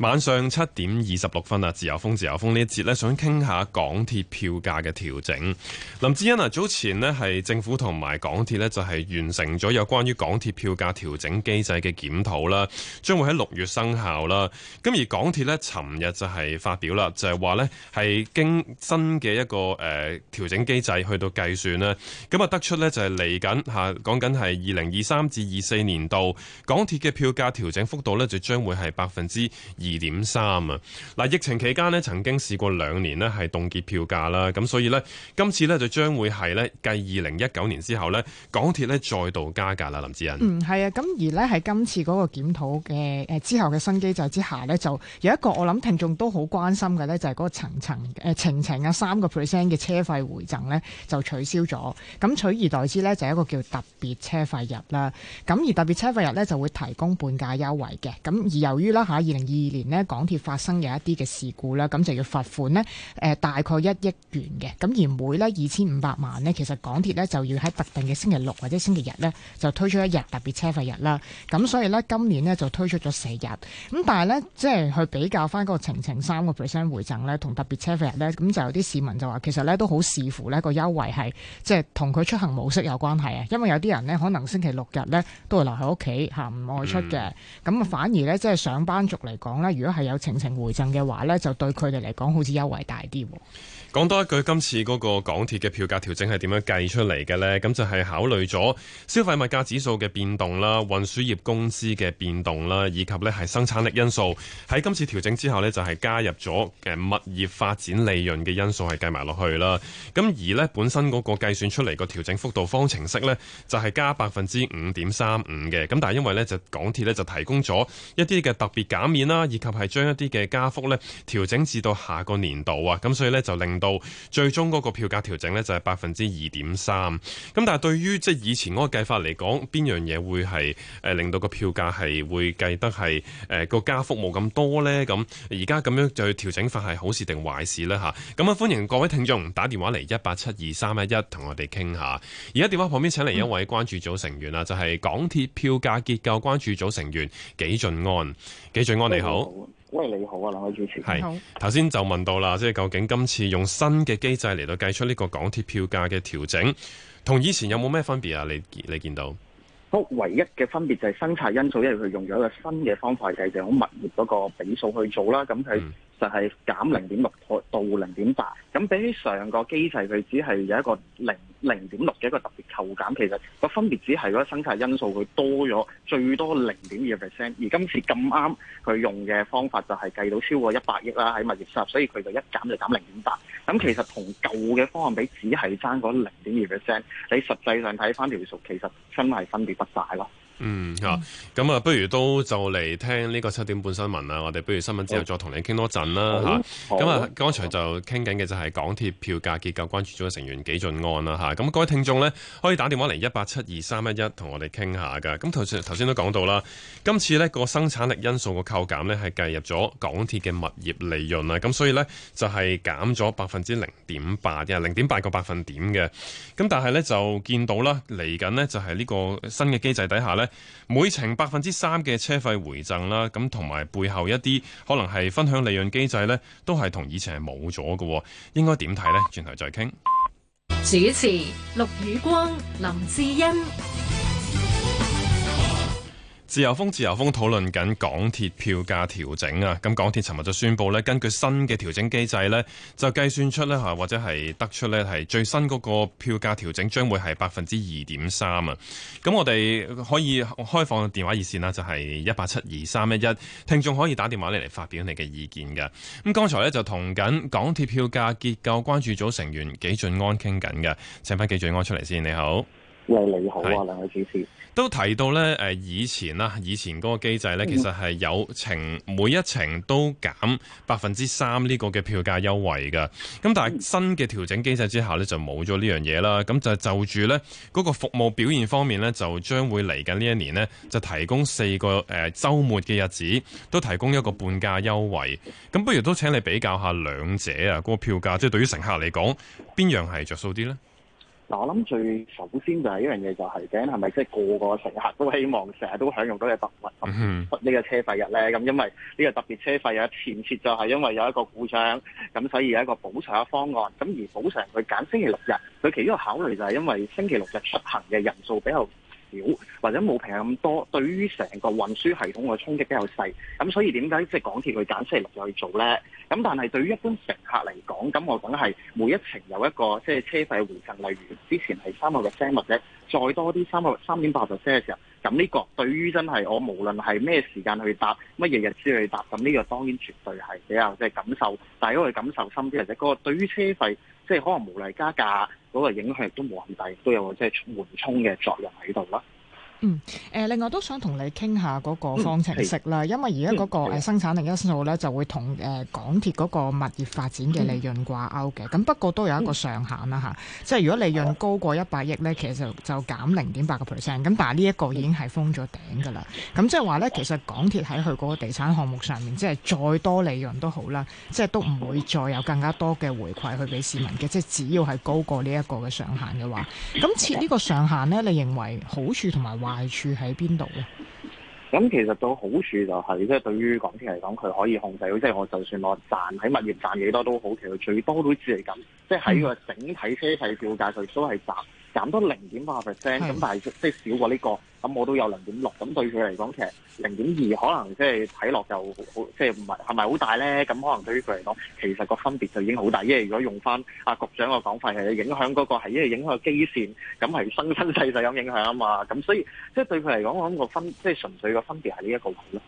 晚上七點二十六分啊！自由風，自由風呢一節呢，想傾下港鐵票價嘅調整。林志恩啊，早前呢係政府同埋港鐵呢，就係完成咗有關於港鐵票價調整機制嘅檢討啦，將會喺六月生效啦。咁而港鐵呢，尋日就係發表啦，就係話呢係經新嘅一個誒、呃、調整機制去到計算啦。咁啊得出呢，就係嚟緊嚇講緊係二零二三至二四年度港鐵嘅票價調整幅度呢，就將會係百分之二二點三啊！嗱，疫情期間咧，曾經試過兩年咧係凍結票價啦，咁所以咧，今次咧就將會係咧繼二零一九年之後咧，港鐵咧再度加價啦，林志恩。嗯，係啊，咁而咧喺今次嗰個檢討嘅、誒之後嘅新機制之下咧，就有一個我諗聽眾都好關心嘅咧，就係、是、嗰個層層誒、程程啊三個 percent 嘅車費回贈咧就取消咗，咁取而代之咧就是一個叫特別車費日啦，咁而特別車費日咧就會提供半價優惠嘅，咁而由於啦吓二零二年。港鐵發生嘅一啲嘅事故啦，咁就要罰款呢，誒大概一億元嘅。咁而每呢二千五百萬呢，其實港鐵呢就要喺特定嘅星期六或者星期日呢，就推出一日特別車費日啦。咁所以呢，今年呢就推出咗四日。咁但係呢，即係去比較翻嗰個程程三個 percent 回贈呢同特別車費日呢，咁就有啲市民就話其實呢都好視乎呢個優惠係即係同佢出行模式有關係啊。因為有啲人呢，可能星期六日呢都會留喺屋企嚇唔外出嘅，咁、mm. 反而呢，即係上班族嚟講呢。如果係有程程回贈嘅話呢就對佢哋嚟講好似優惠大啲。講多一句，今次嗰個港鐵嘅票價調整係點樣計出嚟嘅呢？咁就係考慮咗消費物價指數嘅變動啦、運輸業工資嘅變動啦，以及呢係生產力因素。喺今次調整之後呢，就係、是、加入咗誒物業發展利潤嘅因素係計埋落去啦。咁而呢本身嗰個計算出嚟個調整幅度方程式呢，就係、是、加百分之五點三五嘅。咁但係因為呢，就港鐵呢就提供咗一啲嘅特別減免啦，及係將一啲嘅加幅呢調整至到下個年度啊，咁所以呢，就令到最終嗰個票價調整呢，就係百分之二點三。咁但係對於即係以前嗰個計法嚟講，邊樣嘢會係、呃、令到個票價係會計得係誒、呃嗰個加幅冇咁多呢？咁而家咁樣就去調整法係好事定壞事呢？吓，咁啊歡迎各位聽眾打電話嚟一八七二三一一同我哋傾下。而家電話旁邊請嚟一位關注組成員啊、嗯，就係、是、港鐵票價結構關注組成員紀俊安，紀俊安你好。哦。喂，你好啊，林海主持，你好。係，頭先就問到啦，即係究竟今次用新嘅機制嚟到計出呢個港鐵票價嘅調整，同以前有冇咩分別啊？你你見到？好唯一嘅分別就係生產因素，因為佢用咗一個新嘅方法嚟計，就用物業嗰個比數去做啦。咁、嗯、喺。就係減零點六到零點八，咁比起上個機制，佢只係有一個零零點六嘅一個特別扣減，其實個分別只係個生產因素佢多咗最多零點二 percent，而今次咁啱佢用嘅方法就係計到超過一百億啦，喺物業稅，所以佢就一減就減零點八，咁其實同舊嘅方案比，只係爭嗰零點二 percent，你實際上睇翻條數，其實真係分別不大啦。嗯吓，咁、嗯、啊，不如都就嚟聽呢個七點半新聞啊！我哋不如新聞之後再同你傾多陣啦吓，咁、嗯、啊，剛、嗯嗯、才就傾緊嘅就係港鐵票價結構關注組成員紀俊安啦吓，咁各位聽眾咧，可以打電話嚟一八七二三一一同我哋傾下噶。咁頭先頭先都講到啦，今次咧個生產力因素個扣減咧係計入咗港鐵嘅物業利潤啊，咁所以咧就係減咗百分之零點八嘅，零點八個百分點嘅。咁但係咧就見到啦，嚟緊咧就係呢個新嘅機制底下咧。每程百分之三嘅車費回贈啦，咁同埋背後一啲可能係分享利潤機製呢，都係同以前係冇咗嘅。應該點睇呢？轉頭再傾。主持：陸宇光、林志欣。自由風，自由風討論緊港鐵票價調整啊！咁港鐵尋日就宣布呢，根據新嘅調整機制呢，就計算出呢，吓或者係得出呢，係最新嗰個票價調整將會係百分之二點三啊！咁我哋可以開放電話熱線啦，就係一八七二三一一，聽眾可以打電話嚟，嚟發表你嘅意見㗎。咁剛才呢，就同緊港鐵票價結構關注組成員紀俊安傾緊嘅，請返紀俊安出嚟先，你好，喂，你好啊，兩位主持。都提到咧，誒以前啦，以前嗰個機制咧，其實係有程每一程都減百分之三呢個嘅票價優惠㗎。咁但係新嘅調整機制之下咧，就冇咗呢樣嘢啦。咁就就住咧嗰個服務表現方面咧，就將會嚟緊呢一年呢，就提供四個誒周末嘅日子都提供一個半價優惠。咁不如都請你比較下兩者啊，個票價即係對於乘客嚟講邊樣係着數啲呢？我諗最首先就係呢樣嘢，就係究竟係咪即係個個乘客都希望成日都享用到嘅特惠咁？呢個車費日咧，咁因為呢個特別車費日啊，前提就係因為有一個故障，咁所以有一個補償嘅方案。咁而補償佢揀星期六日，佢其中一個考慮就係因為星期六日出行嘅人數比較少或者冇平咁多，對於成個運輸系統嘅衝擊比較細，咁所以點解即係港鐵佢揀星期六去做呢？咁但係對於一般乘客嚟講，咁我等係每一程有一個即係、就是、車費回贈，例如之前係三個 percent 或者再多啲三個三點八 percent 嘅時候，咁呢個對於真係我無論係咩時間去搭乜嘢日子去搭，咁呢個當然絕對係比較即係感受，但係因為感受深啲，或者嗰個對於車費即係、就是、可能無例加價。嗰個影響亦都冇咁大，亦都有即係緩衝嘅作用喺度啦。嗯、呃，另外都想同你傾下嗰個方程式啦，嗯、因為而家嗰個生產力因素咧、嗯、就會同、呃、港鐵嗰個物業發展嘅利潤掛鈎嘅，咁、嗯、不過都有一個上限啦、嗯啊、即係如果利潤高過一百億咧，其實就就減零點八個 percent，咁但係呢一個已經係封咗頂噶啦，咁即係話咧，其實港鐵喺佢嗰個地產項目上面，即係再多利潤都好啦，即係都唔會再有更加多嘅回饋去俾市民嘅，即係只要係高過呢一個嘅上限嘅話，咁設呢個上限呢，你認為好處同埋壞弊處喺邊度咧？咁其實個好處就係，即係對於港鐵嚟講，佢可以控制到，即係我就算我賺喺物業賺幾多都好，其實最多都只係咁，即係喺個整體車費票價佢都係賺。減多零點八 percent，咁但係即係少過呢、這個，咁我都有零點六，咁對佢嚟講，其實零點二可能即係睇落就好，即係唔係係咪好大咧？咁可能對於佢嚟講，其實個分別就已經好大，因為如果用翻阿局長嘅講法係，影響嗰、那個係因為影響個基線，咁係生生世世咁影響啊嘛，咁所以即係、就是、對佢嚟講，我諗個分即係、就是、純粹個分別係呢一個位咯。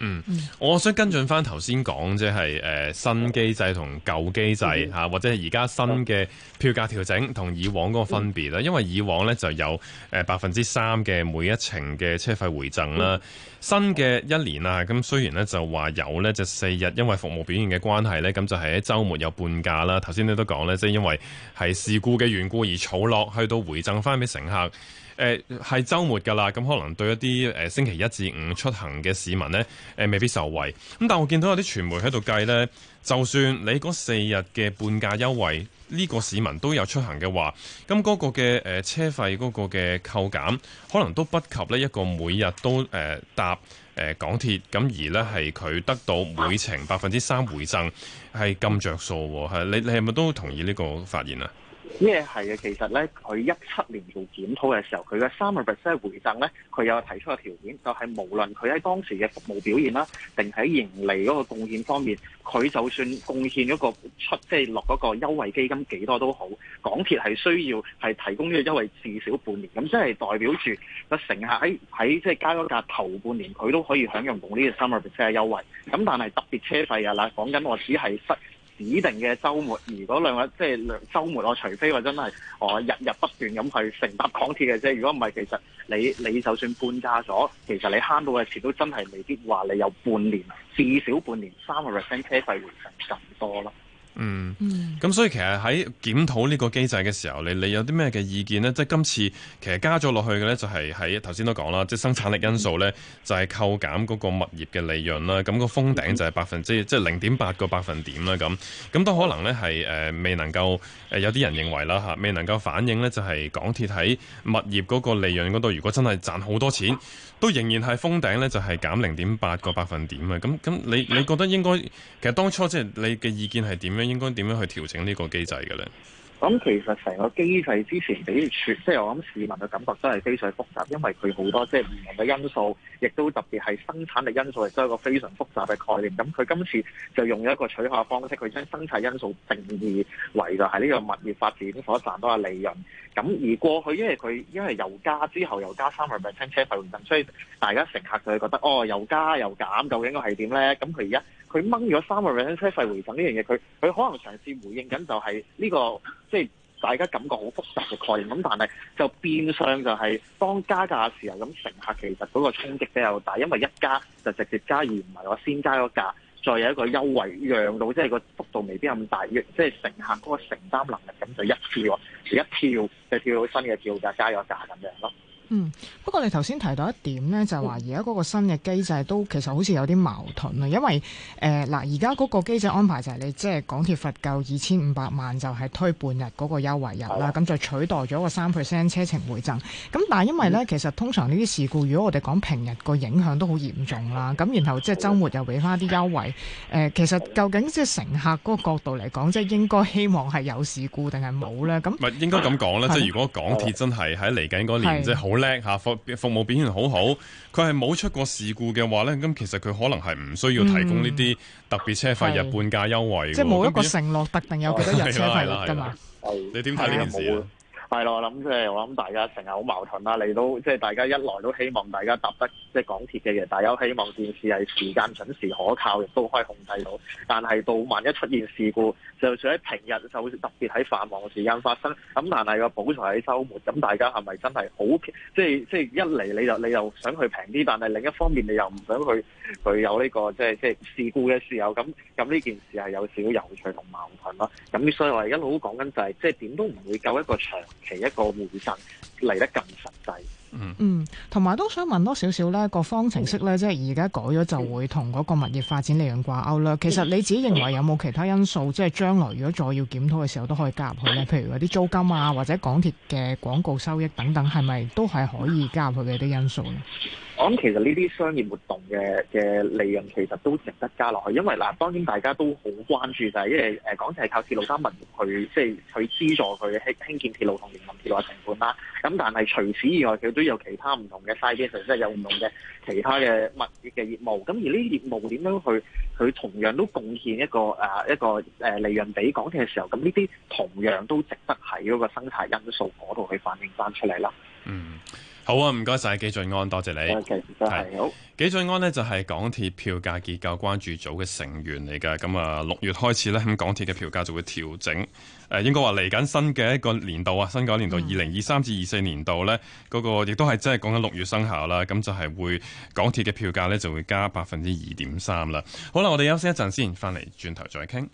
嗯，我想跟進翻頭先講，即係誒新機制同舊機制嚇，或者係而家新嘅票價調整同以往嗰個分別啦。因為以往呢就有誒百分之三嘅每一程嘅車費回贈啦，新嘅一年啊，咁雖然呢就話有呢，就四日，因為服務表現嘅關係呢咁就係、是、喺週末有半價啦。頭先你都講呢，即、就、係、是、因為係事故嘅緣故而儲落去到回贈翻俾乘客。誒、呃、係週末㗎啦，咁可能對一啲、呃、星期一至五出行嘅市民呢、呃，未必受惠。咁但我見到有啲傳媒喺度計呢，就算你嗰四日嘅半價優惠，呢、呢個市民都有出行嘅話，咁嗰個嘅誒、呃、車費嗰個嘅扣減，可能都不及呢一個每日都、呃、搭誒、呃、港鐵，咁而呢，係佢得到每程百分之三回贈，係咁着數喎。你你係咪都同意呢個發現啊？咩係啊？其實咧，佢一七年做檢討嘅時候，佢嘅三個 percent 回贈咧，佢有提出嘅條件，就係、是、無論佢喺當時嘅服務表現啦，定喺盈利嗰個貢獻方面，佢就算貢獻嗰個出即係落嗰個優惠基金幾多都好，港鐵係需要係提供呢個優惠至少半年。咁即係代表住個乘客喺喺即係加咗價頭半年，佢都可以享用到呢個三個 percent 優惠。咁但係特別車費啊，嗱講緊我只係失。指定嘅週末，如果兩位即係週末，我除非話真係我日日不斷咁去乘搭港鐵嘅啫。如果唔係，其實你你就算半價咗，其實你慳到嘅錢都真係未必話你有半年，至少半年三個 percent 車費回報咁多咯。嗯，咁所以其實喺檢討呢個機制嘅時候，你你有啲咩嘅意見咧？即係今次其實加咗落去嘅咧，就係喺頭先都講啦，即係生產力因素咧，就係、是、扣減嗰個物業嘅利潤啦。咁、個封頂就係百分之即係零點八個百分點啦。咁咁都可能咧係誒未能夠誒、呃、有啲人認為啦吓，未能夠反映咧就係港鐵喺物業嗰個利潤嗰度，如果真係賺好多錢，都仍然係封頂咧就係減零點八個百分點啊。咁咁你你覺得應該其實當初即係你嘅意見係點咧？應該點樣去調整這個機制的呢個機制嘅咧？咁其實成個機制之前俾，即係我諗市民嘅感覺真係非常複雜，因為佢好多即係唔同嘅因素，亦都特別係生產力因素亦都係一個非常複雜嘅概念。咁佢今次就用咗一個取巧方式，佢將生產因素定義為就係呢個物業發展所賺到嘅利潤。咁而過去因為佢因為油加之後又加三日半新車費換所以大家乘客就會覺得哦，油加又減，究竟應該係點咧？咁佢而家。佢掹咗三個纜車費回贈呢樣嘢，佢佢可能嘗試回應緊就係呢個即係大家感覺好複雜嘅概念。咁但係就變相就係當加價嘅時候，咁乘客其實嗰個衝擊比較大，因為一加就直接加，而唔係我先加咗價，再有一個優惠讓到，即係個幅度未必咁大。即係乘客嗰個承擔能力，咁就一跳，一跳就跳到新嘅跳價加咗價咁樣咯。嗯，不過你頭先提到一點呢，就係話而家嗰個新嘅機制都其實好似有啲矛盾啊，因為誒嗱，而家嗰個機制安排就係、是、你即係港鐵罰夠二千五百萬就係推半日嗰個優惠日啦，咁、嗯、就取代咗個三 percent 車程回贈。咁但係因為呢、嗯，其實通常呢啲事故，如果我哋講平日個影響都好嚴重啦，咁然後即係周末又俾翻啲優惠，誒、呃、其實究竟即係乘客嗰個角度嚟講，即係應該希望係有事故定係冇呢？咁唔係應該咁講呢，即係如果港鐵真係喺嚟緊嗰年即係好。好叻嚇，服服務表現好好。佢係冇出過事故嘅話咧，咁其實佢可能係唔需要提供呢啲特別車費日半價優惠嘅、嗯。即係冇一個承諾，特定有幾多日車費喇㗎嘛？你點睇呢件事啊？係咯，即我諗，我大家成日好矛盾啦。你都即係大家一來都希望大家搭得即係港鐵嘅嘢，大家希望電視係時間準時可靠，亦都可以控制到。但係到萬一出現事故，就算喺平日就特別喺繁忙嘅時間發生，咁但係個補償喺週末，咁大家係咪真係好？即係即係一嚟你就你又想去平啲，但係另一方面你又唔想去佢有呢、呢個即係即事故嘅事有。候咁咁呢件事係有少少有趣同矛盾咯。咁所以我一路、就是、都講緊就係即係點都唔會夠一個長，其一個回贈嚟得更實際，嗯，同埋都想問多少少呢個方程式呢？即係而家改咗就會同嗰個物業發展利潤掛鈎啦。其實你自己認為有冇其他因素，即係將來如果再要檢討嘅時候都可以加入去呢？譬如嗰啲租金啊，或者港鐵嘅廣告收益等等，係咪都係可以加入去嘅啲因素呢？我諗其實呢啲商業活動嘅嘅利潤其實都值得加落去，因為嗱、啊，當然大家都好關注就係，因為誒、呃、港鐵係靠鐵路三文去，即係去資助佢興興建鐵路同營運鐵路嘅成本啦。咁、嗯、但係除此以外，佢都有其他唔同嘅 size 上，即係有唔同嘅其他嘅物業嘅業務。咁而呢啲業務點樣去，佢同樣都貢獻一個誒、呃、一個誒、呃、利潤俾港鐵嘅時候，咁呢啲同樣都值得喺嗰個生產因素嗰度去反映翻出嚟啦。嗯。好啊，唔該晒，紀俊安，多謝你。係、okay，紀俊安呢，就係港鐵票價結構關注組嘅成員嚟㗎。咁啊，六月開始呢，咁港鐵嘅票價就會調整。誒，應該話嚟緊新嘅一個年度啊，新嘅年度二零二三至二四年度呢，嗰、嗯，那個亦都係真係講緊六月生效啦。咁就係會港鐵嘅票價呢，就會加百分之二點三啦。好啦，我哋休息一陣先，返嚟轉頭再傾。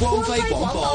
光輝廣播。